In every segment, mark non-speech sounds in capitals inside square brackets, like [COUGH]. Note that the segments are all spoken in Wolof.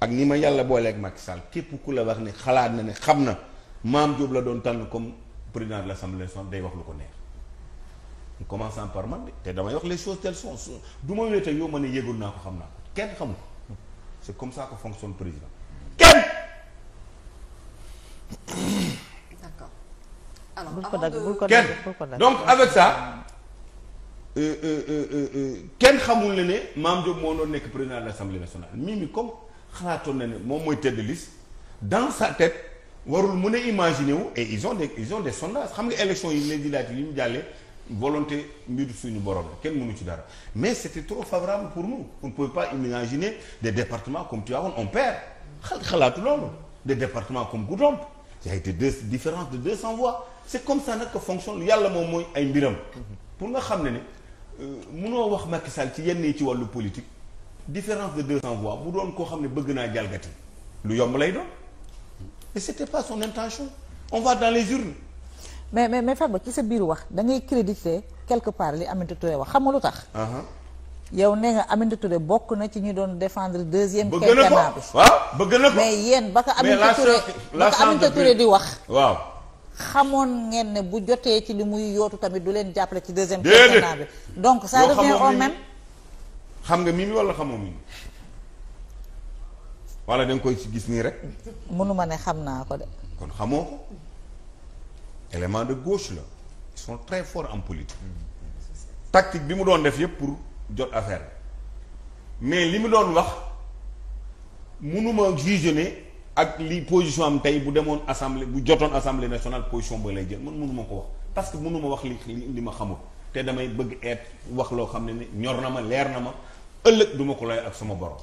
ak ni ma yàlla booleek Macky Sall képp ku la wax ne xalaat na ne xam na maam Diop la doon tànn comme président de l'Assemblée nationale day wax lu ko neex en commençant te damay wax les choses telles sont du ma wéete yow ma ko xam naa ko kenn xamu comme ça que fonctionne président kenn. d'accord alors bul ko dagg bul ko dagg bul ko dagg donc avec ça. Euh, euh, euh, kenn xamul ne ne Mame Diop moo doon nekk président de l'Assemblée nationale Mimi comme. xalaatoon na ne moom mooy tête de liste dans sa tête warul mu ne imaginer wu et ils ont des ils ont des sondages xam nga élection yi législatives yi ñu jàllee volonté mbir suñu boroom la kenn mënu ci dara mais c'était trop favorable pour nous on ne pouvait pas imaginer on perd xalaatu loolu des départements comme Goudomp y a été deux différence de 200 voix c'est comme ça nag que fonctionne yàlla moom mooy ay mbiram pour nga xam ne ne euh, munoo wax Macky Sall ci yenn yi ci wàllu politique différence de 200 voix bu doon koo xam ne bëgg naa jalgati lu yomb lay doon mais c'était pas son intention on va dans les urnes. mais mais mais ba ci sa biir wax dangay ngay crédité quelque part li Aminata Touré wax xam nga lu tax. Ah ah. yow nee nga Aminata Touré bokk na ci ñu doon defendre deuxième. quinquennat bi waaw ah, bëgg na ko mais yéen ba ko Aminata Touré ba ko Aminata di wax. waaw xamoon ngeen ne bu jotee ci li muy yootu tamit du leen jàppale ci deuxième. quinquennat bi donc ça revient xam nga Mimi wala xamoo Mimi wala da koy ci gis nii rek. mënuma ne xam naa ko de. kon xamoo ko élément de gauche la ils sont très forts en politique. tactique bi mu doon def yëpp pour jot affaire mais li mu doon wax mënuma juger ne ak li position am tey bu demoon assemblée bu jotoon assemblée nationale position ba lay jël man mënuma ko wax parce que mënuma wax li indi ma xamul te damay bëgg eet wax loo xam ne ni ñor na ma leer na ma. ëllëg du ma ko lay ak sama borom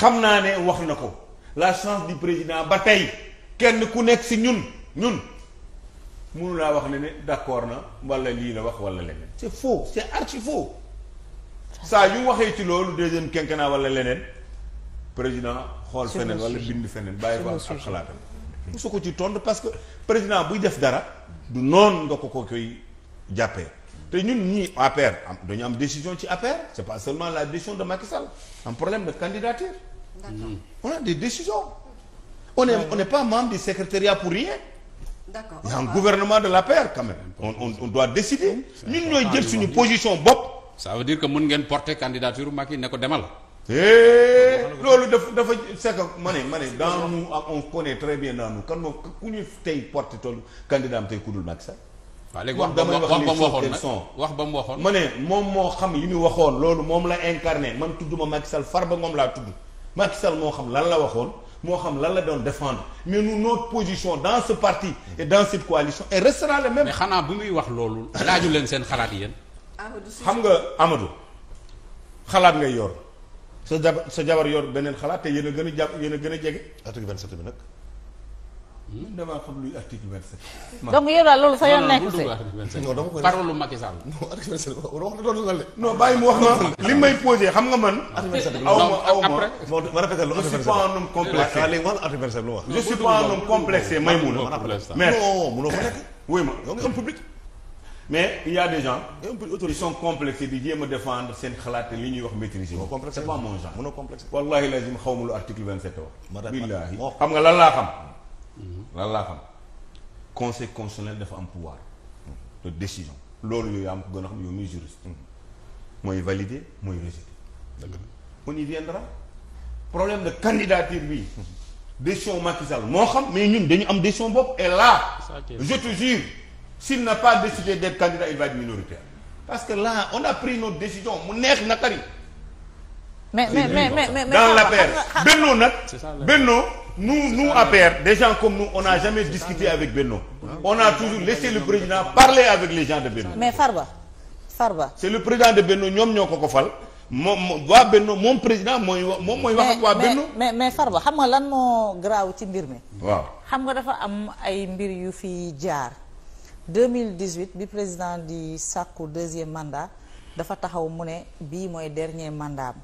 xam naa ne wax na ko la chance du président ba tey kenn ku nekk si ñun ñun mënu laa wax ne ne d'accord na walla lii la wax wala leneen c'est faux c'est archi faux saa yu waxee ci loolu deuxième quinquennat wala leneen président xool feneen wala bind feneen bàyyi ko ak xalaatam su ko ci tontu parce que président buy def dara du noonu nga ko ko koy jàppee te ñun ñii APR am dañu am décision ci APR c'est pas seulement la décision de Macky Sall un problème de candidature. d'accord on a des décisions. on est on n'est pas membre du secrétariat pour rien. d'accord a un gouvernement de l'APR quand même. on on on doit décider. ñun ñooy jël suñu position bopp. ça veut dire que mën ngeen porter candidature Macky ne ko demal. Eh, loolu dafa dafa c'est que ma ne ma ne on connaît très bien dans nous kan moo ku ñu tey porte toll candidat am tey ku waaw léegi wax ba mu waxoon nag wax ba mu waxoon ma ne moom moo xam yi mu waxoon loolu moom la incarné man tudduma Macky far ba moom laa tudd Macky Sall moo xam lan la waxoon moo xam lan la doon défendre mais nous notre position dans parti dans cette coalition et restera la même. xanaa bu muy wax loolu. laaju leen seen xalaat yéen. xam nga Amadou xalaat ngay yor sa jabar sa jabar yor beneen xalaat te yéen a gën a jàpp yéen a gën a jege. article 27 bi nag. Hmm? damaa xam luy article 27. [LAUGHS] donc yow daal loolu sa yoon nekk si non dama ko parole Macky Sall. non article 27 wax dëgg la non bàyyi mu wax ma li may posé xam nga man. article 27 aw ma aw ma ma rafetal lu je suis pas un homme complexé ah, léegi man article 27 lu wax. je suis pas un homme complexé may mun a. mais non munoo ko nekk. wuy ma yow nga am public. mais il y a des gens. ils sont complexés di jéem a défendre seen xalaat li ñuy wax maîtriser. c'est pas mon genre. munoo complexé. wallaahi lazim xaw ma lu article 27 wax. billaahi xam nga lan laa xam. lan laa xam conseil constitutionnel dafa am pouvoir de décision loolu yooyu am ko gën a xam yow muy juriste mooy valider mooy rejeter problème de candidature bi décision Macky Sall moo xam mais ñun dañu am décision bopp et la je te jure n'a pas décidé d'être candidat il va être minoritaire parce que là on a pris notre décision mu neex naqari mais mais mais mais dans l'affaire Benno nag Benno nous nous APR des gens comme nous on n'a jamais discuté avec Benno on a toujours laissé le président parler avec les gens de Benno. mais Farba Farba. c'est le président de Benno ñoom ñoo ko ko fal moom waa Benno moom président mooy moom mooy wax ak waa Benno. mais far ba xam nga lan moo garaaw ci mbir mi. waaw xam nga dafa am ay mbir yu fi jaar 2018 bi président di sàkku deuxième mandat. dafa taxaw mu ne bii mooy dernier mandat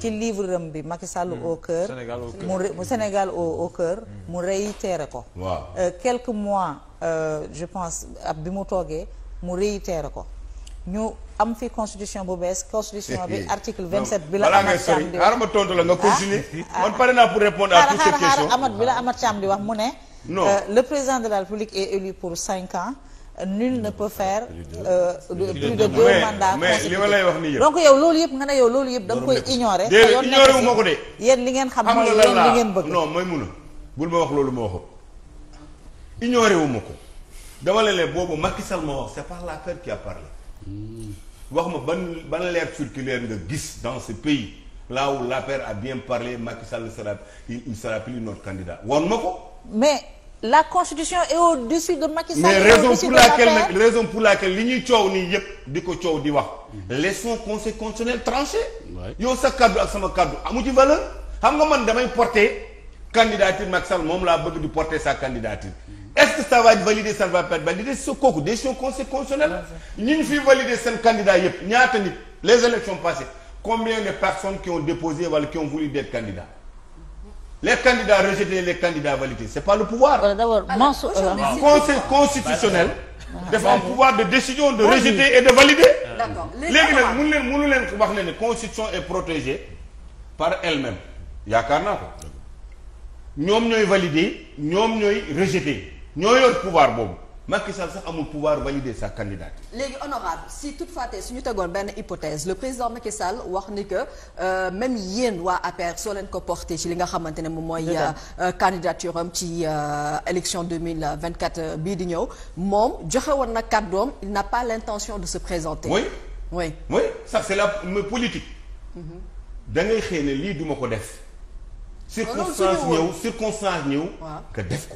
ci livre bi Macky Sall hmm. au cœur mu Sénégal au cœur mu hmm. réitéré ko waaw euh, quelques mois euh, je pense bi mu toogee mu teere ko ñu am fi constitution bu bees constitution bi [LAUGHS] article bi la Amat Thiam di wax la nga ah? continuer ah, ah. man pare di wax mu ne euh, le président de la République est élu pour cinq ans nul ne peut faire euh, plus de deux mandats consécutifs donc yow loolu yëpp nga ne yow loolu yëpp da nga koy ignorer yoon ignoré wu ma ko de yéen li ngeen xam mooy yéen li ngeen bëgg non may mun a bul ma wax loolu ma waxoon ignoré wu ma ko dama la leen boobu Macky Sall ma wax c'est pas l'affaire qui a parlé wax ma ban ban leer circulaire nga gis dans ce pays là où l'affaire a bien parlé Macky Sall sera il sera plus notre candidat woon ma ko mais la constitution est au-dessus de Macky Sall. mais raison pour laquelle li ñuy coow nii yëpp di ko coow di wax. laissons conseil constitutionnel tranché. yow sa kaddu ak sama kaddu amu ci valeur. xam nga man damay porter candidature Macky Sall moom laa bëgg di porter sa candidature. est-ce que ça va être validé ça kooku décision conseil constitutionnel. ñi ñu fi valider seen candidat yëpp ñaata nit les élections passées combien de personnes qui ont déposé wala qui ont voulu d'être les candidats rejetés les candidats validés c'est pas le pouvoir. Voilà, d'abord Mansour constitutionnel. dafa am pouvoir de décision de rejeter et de valider. d'accord léegi nag mënu leen mënu leen wax ne ne constitution est protégée par elle yaakaar naa ko ñoom ñooy valider ñoom ñooy rejeter ñoo yor pouvoir boobu. Macky Sall sax amul pouvoir valider sa candidature. léegi honorable si toutefois tey su ñu tegoon benn hypothèse le président Macky Sall wax ni que euh, même yéen waa APR soo leen ko porté ci li nga xamante ne moom mooy. Euh, euh, candidature am ci élection 2024 bii di ñëw moom joxe woon na kàddoom il n'a pas l'intention de se présenter. oui oui oui ça c'est la politique. Mhm. da xëy ne lii duma ko def. circonstance ñëw circonstance ñëw. que def ko.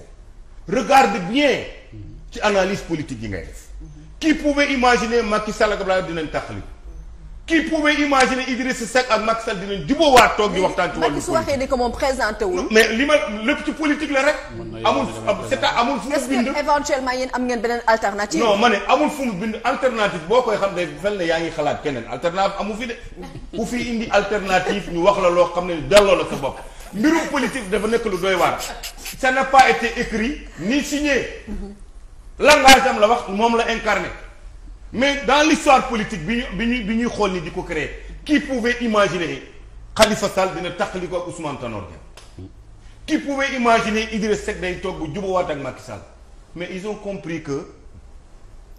ci analyse politique yi ngay def qui pouvait imaginer Macky Sall ak Abdoulaye dinañ taxali qui pouvait imaginer Idrissa Seck ak Macky Sall dinañ jubóowaat toog di waxtaan ci wàllu su waxee ni que moom présenté wul. ma lépp la am ngeen beneen alternative. non ma ne amul fu mu bind alternative boo koy xam day fel ne yaa ngi xalaat keneen alternative amu fi de ku fi indi alternative ñu wax la loo xam ne delloo la sa bopp mbirum politique dafa nekk lu doy waar. langage am la wax moom la incarné mais dans l'histoire politique bi bi ñu bi ñuy xool ni di ko créer qui pouvait imaginer Khalifa Sall dina taxali ko ak Ousmane Tanor Dieng qui pouvait imaginer Idriss Seck day toog bu jubawaat ak Macky Sall mais ils ont compris que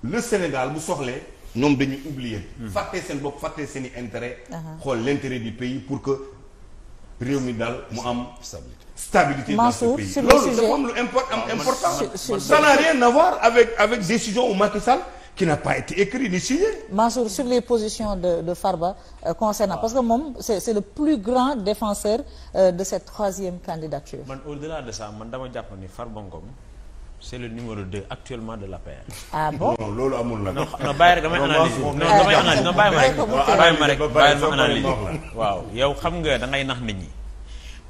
le Sénégal bu soxlee noom dañuy oublier hmm. fàtte seen bopp fàtte seen i intérêt uh-huh. xool l'intérêt du pays pour que réew mi daal mu am. stabilité stabilité dans ce pays loolu dafa am lu import am ah, important. ça n'a rien à voir avec décision Macky Sall. qui n'a pas été écrit ni signé. Mansour sur les positions de de Farba euh, concernant ah. parce que moom c'est le plus grand défenseur euh, de cette troisième candidature. man au-delà de ça man dama jàpp ni Farba Ngom. c'est le numéro 2 actuellement de la ah bon loolu amul nag. non bàyyi rek damay analyse non damay bàyyi ma rek bàyyi rek bàyyi analyse waaw yow xam nga dangay nax nit ñi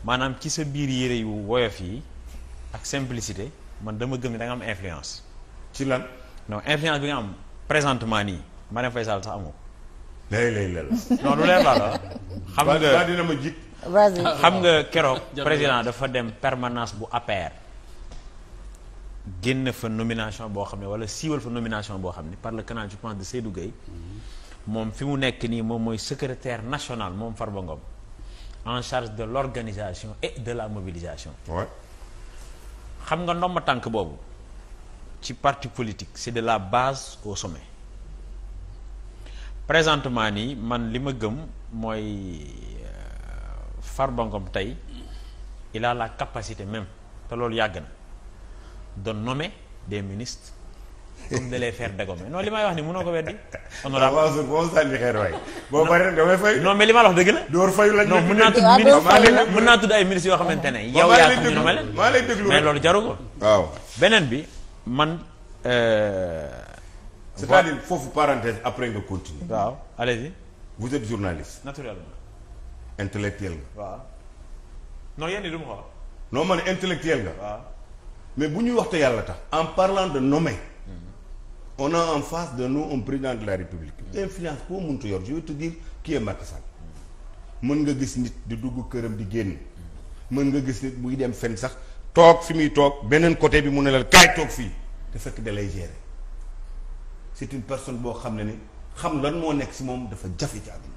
maanaam ci sa biir yére yu woyof yi ak simplicité man dama gëm ne da am influence. ci lan. non influence bi nga am présentement nii Marième Faye Sall sax amoo. lay lay la la xam nga keroog [LAUGHS] président dafa dem permanence bu APR. génn fa nomination boo xam ne wala siiwal fa nomination boo xam ne par la canal je pense de Seydou Gueye moom fi mu nekk nii moom mooy secrétaire national moom Farba Ngom en charge de l'organisation et de la mobilisation xam nga ndomba tànk boobu ci parti politique c'est de la base au sommet présentement nii man li ma gëm mooy euh, Farba Ngom tey il a la capacité même te loolu yàgg na de nommer des ministres comme de les faire dégommer non li may wax ni mënoo ko weddi. honorable ah, waaw waaw waaw sànni xeer waay. boo paree damay fay. non mais li ma la wax dëgg la. door fayu lañ non mën naa tudd ah, ministre mën naa ne. Ah, yow yaa xam ñu ne ma leen beneen bi man. Euh, foofu parenthèse après nga continuer. waaw allez-y. vous man intellectuel nga. waaw. mais bu ñuy waxte yàlla tax en parlant de nommer on a en face de nous un président de la république influence boo mëntu yor je veux te dire qui est mën nga gis nit di dugg këram di génn mën nga gis nit buy dem fen sax toog fi muy toog beneen côté bi mu ne la kaay toog fii te fekk da lay gérer c'est une personne boo xam ne ni xam lan moo nekk si moom dafa jafe ci àdduna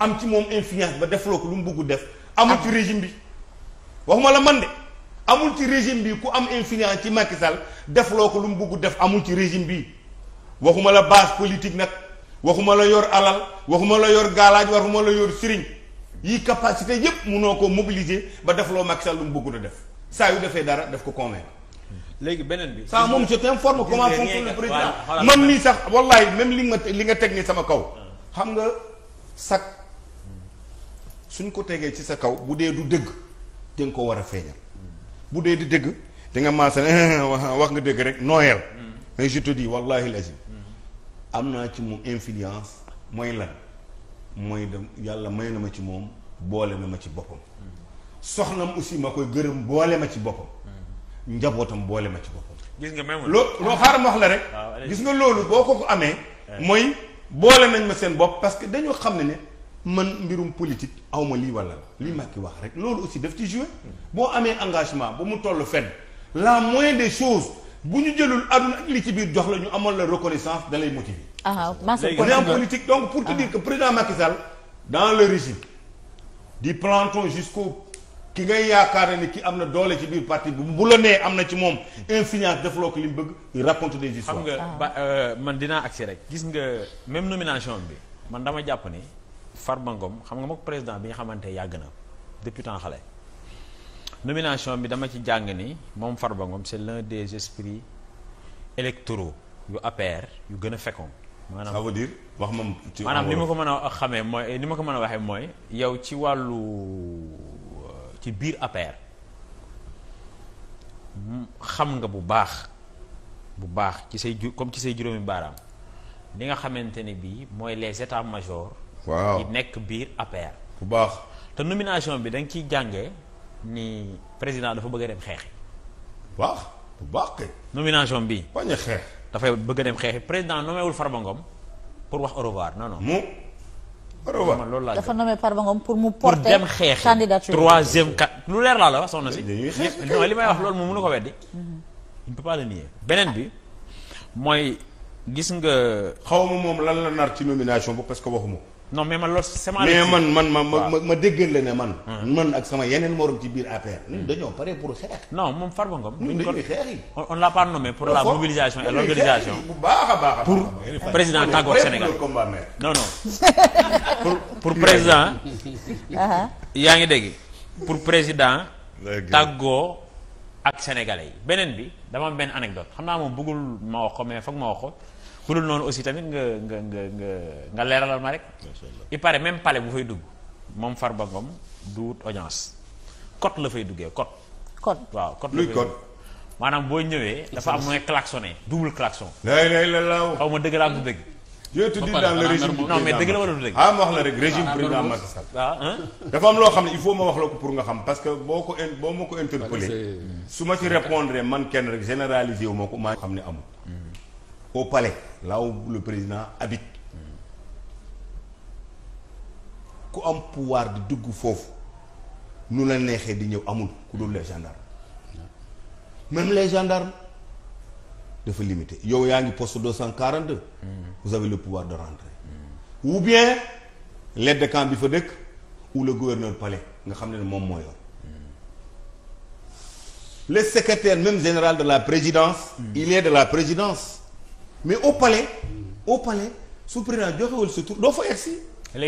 am ci moom influence ba defloo ko lu mu bëgg def amul ci régime bi waxuma la man amul ci régime bi ku am influence ci Macky Sall def loo ko lu mu bugg def amul ci régime bi waxuma la base politique nag waxuma la yor alal waxuma la yor gaalaaj waxuma la yor sëriñ yi capacité yépp noo ko mobiliser ba def loo Macky lu mu bugg da def saa yu defee dara def ko convaincre. léegi beneen bi. saa moom je t'informe comment fonctionne le président man nii sax wallaay même li ma li nga teg nii sama kaw. xam nga sax suñ ko tegee ci sa kaw bu dee du dëgg danga ko war a feeñal. bu dee di dégg di nga maase [LAUGHS] wax nga dégg rek nooyal mm. mais je te dis wallahi mm. lazim am naa ci mu influence mooy lan mooy dem yàlla may na ma ci moom boole na ma ci boppam mm. soxnam aussi ma koy gërëm boole ma ci boppam njabootam boole ma ci boppam gis nga même loo loo xaaral ma wax la rek gis nga loolu boo ko ko amee eh. mooy boole nañ ma seen bopp parce que dañoo xam ne ne man mbirum politique awma lii wala li Macky wax rek loolu aussi daf ci joué boo amee engagement ba mu toll fen la moindre des chose bu ñu jëlul aduna ak li ci biir jox la ñu amoon la reconnaissance da lay motiver ah, ah en pour te ah. dire que président Macky Sall dans le régime ki ngay yaakaar ne ki am na doole ci biir parti bi bu la nee am na ci moom influence defloo li mu bëgg il des histoires xam nga ah. ba euh, man dinaa agsi rek gis nga même nomination bi man dama jàpp ni Farba xam nga mook président bi nga xamante yàgg na depuis xale nomination bi dama ci jàng ni moom Farba Ngom c'est l'un des esprits électoraux yu APR yu gën a fekkoon maanaam ça veut dire wax moom maanaam li ko mën a xamee mooy li ma ko mën a waxee mooy yow ci wàllu euh, ci biir APR xam nga bu baax bu baax ci say ju comme ci say juróomi baaraam li nga xamante ne bii mooy les états major waaw yi nekk biir APR. bu baax te nomination bi da nga ciy jàngee président dafa bëgg a dem xeexi. baax bu baax kay. nomination bi bañ a xeex. dafay bëgg a dem xeexi président nomewul Farba Ngom pour wax au revoir non mu au revoir man loolu laa dafa nommé Farba Ngom pour mu porter. pour dem xeexi candidature troisième kat lu leer laa la wax soxna si. non li may wax loolu moom mënu ko weddi. Mhm. il beneen bi mooy gis nga. xaw ma moom lan la nar ci nomination bu parce que waxuma. non mais man loolu sama. mais man man ma ma ma déggal la ne man. man ak sama yeneen morom ci biir APR. dañoo pare pour xeex. non moom Farba Ngom. duñ ko on l'a pas nommé pour la mobilisation et l'organisation. bu baax a baax pour président tàggoo Sénégal non non pour yaa ngi dégg président. tàggoo ak sénégal yi beneen bi dama am benn anecdote xam naa moom bëggul ma wax ko mais foog ma wax ko. xulul noonu aussi tamit nga nga nga nga leeralal ma rek. il paraît même pale bu fay dugg moom far ba du wut audience. cote la fay duggee cote. cote waaw cote luy cote. maanaam boo ñëwee. dafa am nooy klaxonné double klaxon. lay lay la laaw xaw ma dëgg dëgg. yooyu tudd daal le régime la du dëgg. ah ma wax la rek régime ah, président Macky Sall. Ah, dafa am loo xam ne il faut ma wax la ko pour nga xam parce que boo ko in boo ko interpellé. su ma ci répondre man kenn rek généralisé wu ma ko maa xam ne amul. au palais, là le président habite. ku am pouvoir di dugg foofu nu la neexee di ñëw amul ku dul les gendarmes. même les gendarmes dafa limité yow yaa ngi poste 242. vous avez le pouvoir de rentrer. ou bien l'aide de camp bi fa dëkk ou le gouverneur palais nga xam ne moom moo yor. le secrétaire même général de la présidence. il de la présidence. mais au palais au palais su président joxewul sa tur doo fa egsi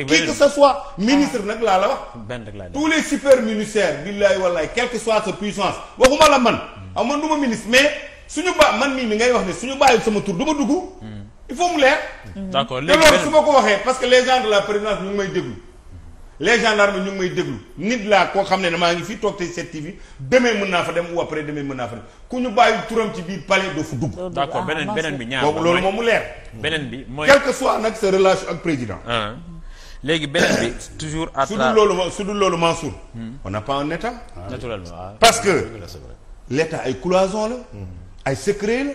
qui que ce soit ministre ah. nag laa la wax tous les super ministères billaay wallaay quelle que soit sa puissance waxuma la man am hmm. ah, man du ma ministre mais suñu ba man mii mi ngay wax ne suñu bàyyi sama tur du ma dugg hmm. il faut mu leer hmm. d'accord léegi su ma ko waxee parce que les gens de la présidence may déglu les gendarmes ñu ngi may déglu nit laa koo xam ne maa ngi fi toog tey 7TV demain mën naa fa dem ou après demee mën naa fa dem ku ñu bàyyi turam ci biir palais doo fu dugg. d'accord ah, beneen bi ñaaw loolu moom mu leer. beneen bi mooy quel que soit nag sa relation ak président. Ah. léegi beneen bi toujours. à su dul loolu su dul loolu Mansour. Hmm. on n'a pas un état. Ah. parce que l'état ay cloison la. Hmm. ay secret la.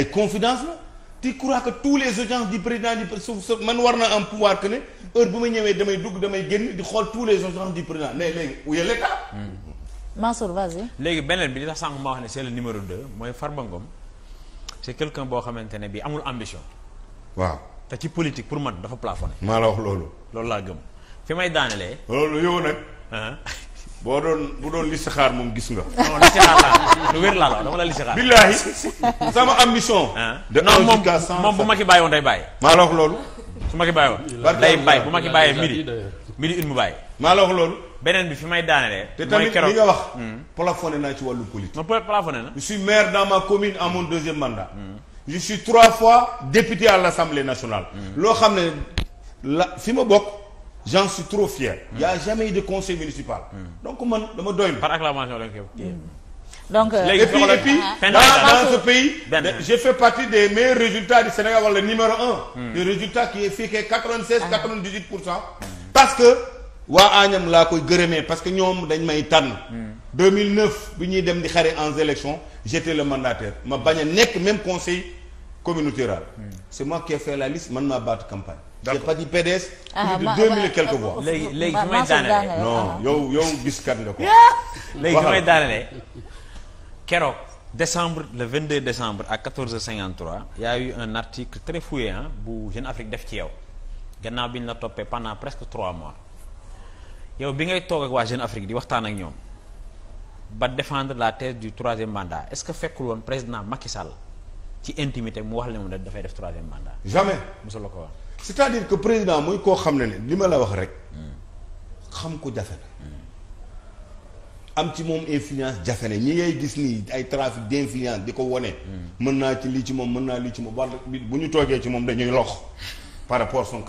ay confidence la. tu crois que tous les audiences du président du man war na am pouvoir que ne. heure bu ma ñëwee damay dugg damay génn di xool tous les agents du président mais léegi où est l'état hmm. Mansour vas léegi beneen bi li tax sànq ma wax ne c'est le numéro 2 mooy Farba Ngom c'est quelqu'un boo xamante ne bi amul ambition waaw te ci politique pour man dafa plafonné maa la wax loolu loolu laa gëm fi may daanelee loolu yow nag boo doon bu doon listixaar moom gis nga non listixaar laa lu wér laa la dama la listixaar billaahi [LAUGHS] sama ambition de moom moom bu ma ci bàyyi woon day bàyyi loolu su ma ki bàyyi woon day bu ma i bàyyee midi midi une mu bàyyi maa la wax loolu beneen bi fi may daanelee te tamit li nga wax hmm. plafonné naa ci wàllu politique non plafonné na je suis maire dans ma commune en mon deuxième mandat hmm. je trois fois député à l'Assemblée national hmm. loo xam ne la fi ma bokk j'en suis trop fier y a jamais eu de conseil municipal donc man dama doylu par acclamation lañ koy donc euh, léegi et puis dans ce pays j'ai fait partie des meilleurs résultats du Sénégal wala numéro un hmm. le résultat qui est fii 96 98 ah. pour cent parce que waa Agnam laa koy gërëmee parce que ñoom dañ may tànn hmm. mille 2009 bi ñuy dem di xare en élection j'étais le mandataire ma bañ nekk même conseil communauté rurale hmm. c'est moi qui ai la man maa baatu campagne j'ai pas dit ah, deux mille et quelques léegi léegi fi may daanale non yow yow gis kat nga ko [LAUGHS] léegi keroog décembre le 22 décembre à 14h53 y a eu un article très fouillé ah bu Jeune Afrique def ci yow gannaaw bi ñu la toppee pendant presque trois mois yow bi ngay toog ak waa Jeune Afrique di waxtaan ak ñoom ba défendre la thèse du troisième mandat est-ce que fekkul woon président Macky Sall ci intimité mu wax ne moom dafay def troisième mandat. jamais mosul la ko wax. c'est-à-dire que président muy koo xam ne ne li ma la wax rek. Hmm. ko jafe am ci moom influence jafe na ñi ngay gis nii ay trafic d'influence di ko wone mën naa ci lii ci moom mën naa lii ci moom bu ñu toogee ci moom dañuy lox par rapport son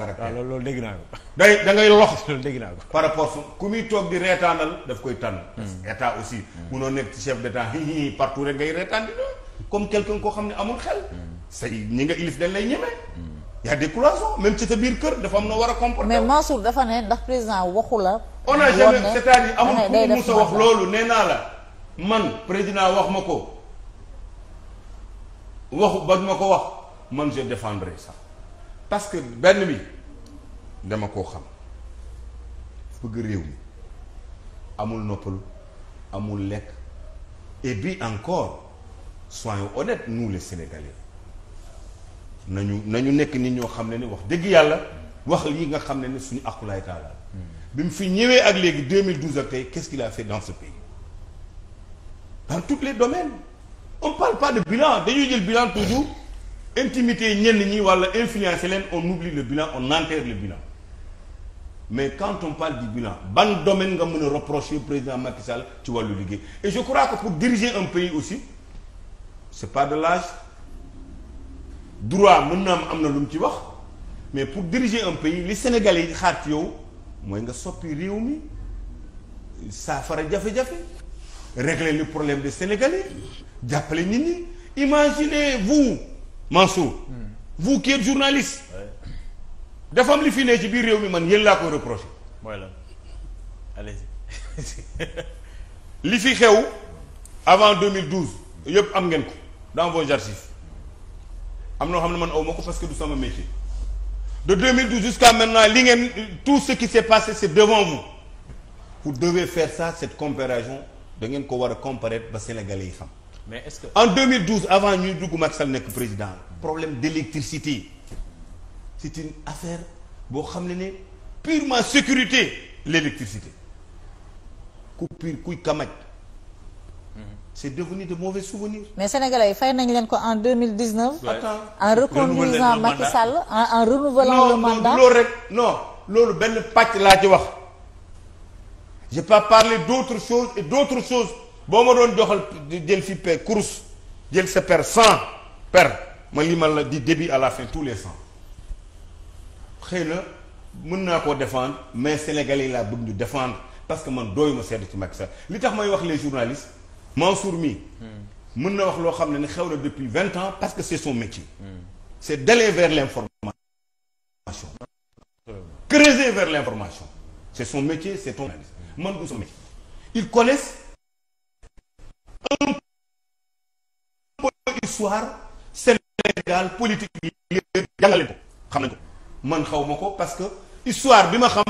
loolu dégg naa ko. day da ngay lox [LAUGHS] par rapport son ku muy toog di reetaanal daf koy tànn. Hmm. parce aussi. munoo nekk ci chef d'état hi partout rek ngay reetaan di doon comme quelqu'un koo xam ne amul xel. Hmm. say ñi nga ilif dañ lay ñemee. Hmm. y a des cloisons ci sa biir kër a on a jamais c'est-à-dire amul ku mu musa wax loolu nee naa la man président wax ma ko waxu bañ ma ko wax man je défendrai sax parce que benn bi dama koo xam bëgg réew mi amul noppalu amul lekk et puis encore soyons honnêtes nous les Sénégalais nañu nañu nekk nit ñoo xam ne ni wax dëgg yàlla wax lii nga xam ne ni suñu akulaay taala bi mu fi ñëwee ak léegi 2012 ak tey qu'est-ce qu'il a fait dans ce pays dans tous les domaines on parle pas de bilan dañuy jël bilan toujours intimité ñenn ñi walla influencer leen on oublie le bilan on enterre le bilan mais quand on parle du bilan ban domaine nga mun a reprocher président Macky ci wàllu liggéey je crois que pour diriger un pays aussi c'est par de l'âge droit mën na am am na lu mu ci wax mais pour diriger un pays li Sénégalais yi xaar yow. mooy nga soppi réew mi saafara jafe-jafe régler le problème des Sénégalais jàppale nit ñi imaginez vous Mansour hmm. vous qui êtes journaliste dafa li fi ne ci biir réew mi man yéen laa koy reproché mooy lan [LAUGHS] li fi xew avant 2012 yëpp am ngeen ko dans vos archives am noo xam ne man aw ma ko parce que du sama métier de 2012 jusqu'à maintenant li ngeen tout ce qui s'est passé c'est devant vous vous devez faire ça cette comparaison da ko war a comparer ba sénégalais yi xam. mais est-ce que en 2012 avant ñuy dugg Macky Sall nekk président problème d'électricité c'est une affaire boo xam ne ne purement sécurité l'électricité ku pur kuy kamaj. c'est devenu de mauvais souvenirs. mais sénégalais yi fay nañ leen ko en deux mille dix neuf. en reconduisant Macky Sall en renouvelant le mandat loolu rek non loolu benn pàcc laa ci wax. je pas parlé d'autre chose et d'autre chose boo ma doon joxal jël fi per course jël sa per cent per ma limal la di début à la fin tous les cent xëy na mën naa koo défendre mais sénégalais laa bëgg ñu défendre parce que man dooyu ma sedd ci Macky Sall li tax may wax les journalistes. Mansour mi mën na wax loo xam ne ni xew na depuis vingt ans parce que c'est son métier c'est d'aller vers l'information creuser vers l'information c'est son métier c'est ton analyse man du son métier ils connaissent un peu histoire Sénégal politique bi lépp ko xam nañ ko man xaw ma ko parce que histoire bi ma xam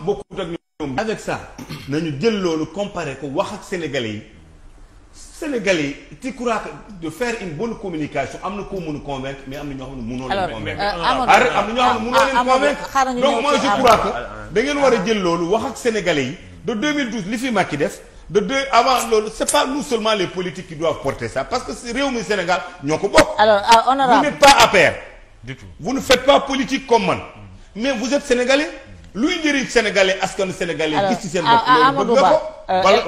bokkut ak ñoom avec ça nañu jël loolu comparer ko wax ak sénégalais yi Sénégalais yi tu crois que de faire une bonne communication am na koo mën a convaincre mais am na ñoo xam ne mënoo leen convaincre euh, am na ñoo xam ne mënoo ah, leen convaincre donc moi je crois que da ngeen war a jël loolu wax ak sénégalais yi de 2012 li fi Macky def de deux avant loolu c'est pas nous seulement les politiques qui doivent porter ça parce que réew mi Sénégal ñoo ko bokk ah, vous n'êtes pas à pair du tout vous ne faites pas politique comme man mais vous êtes sénégalais luy njëriñ sénégalais askanu sénégalais gis ci seen ah, bopp loolu bëgg nga ko euh,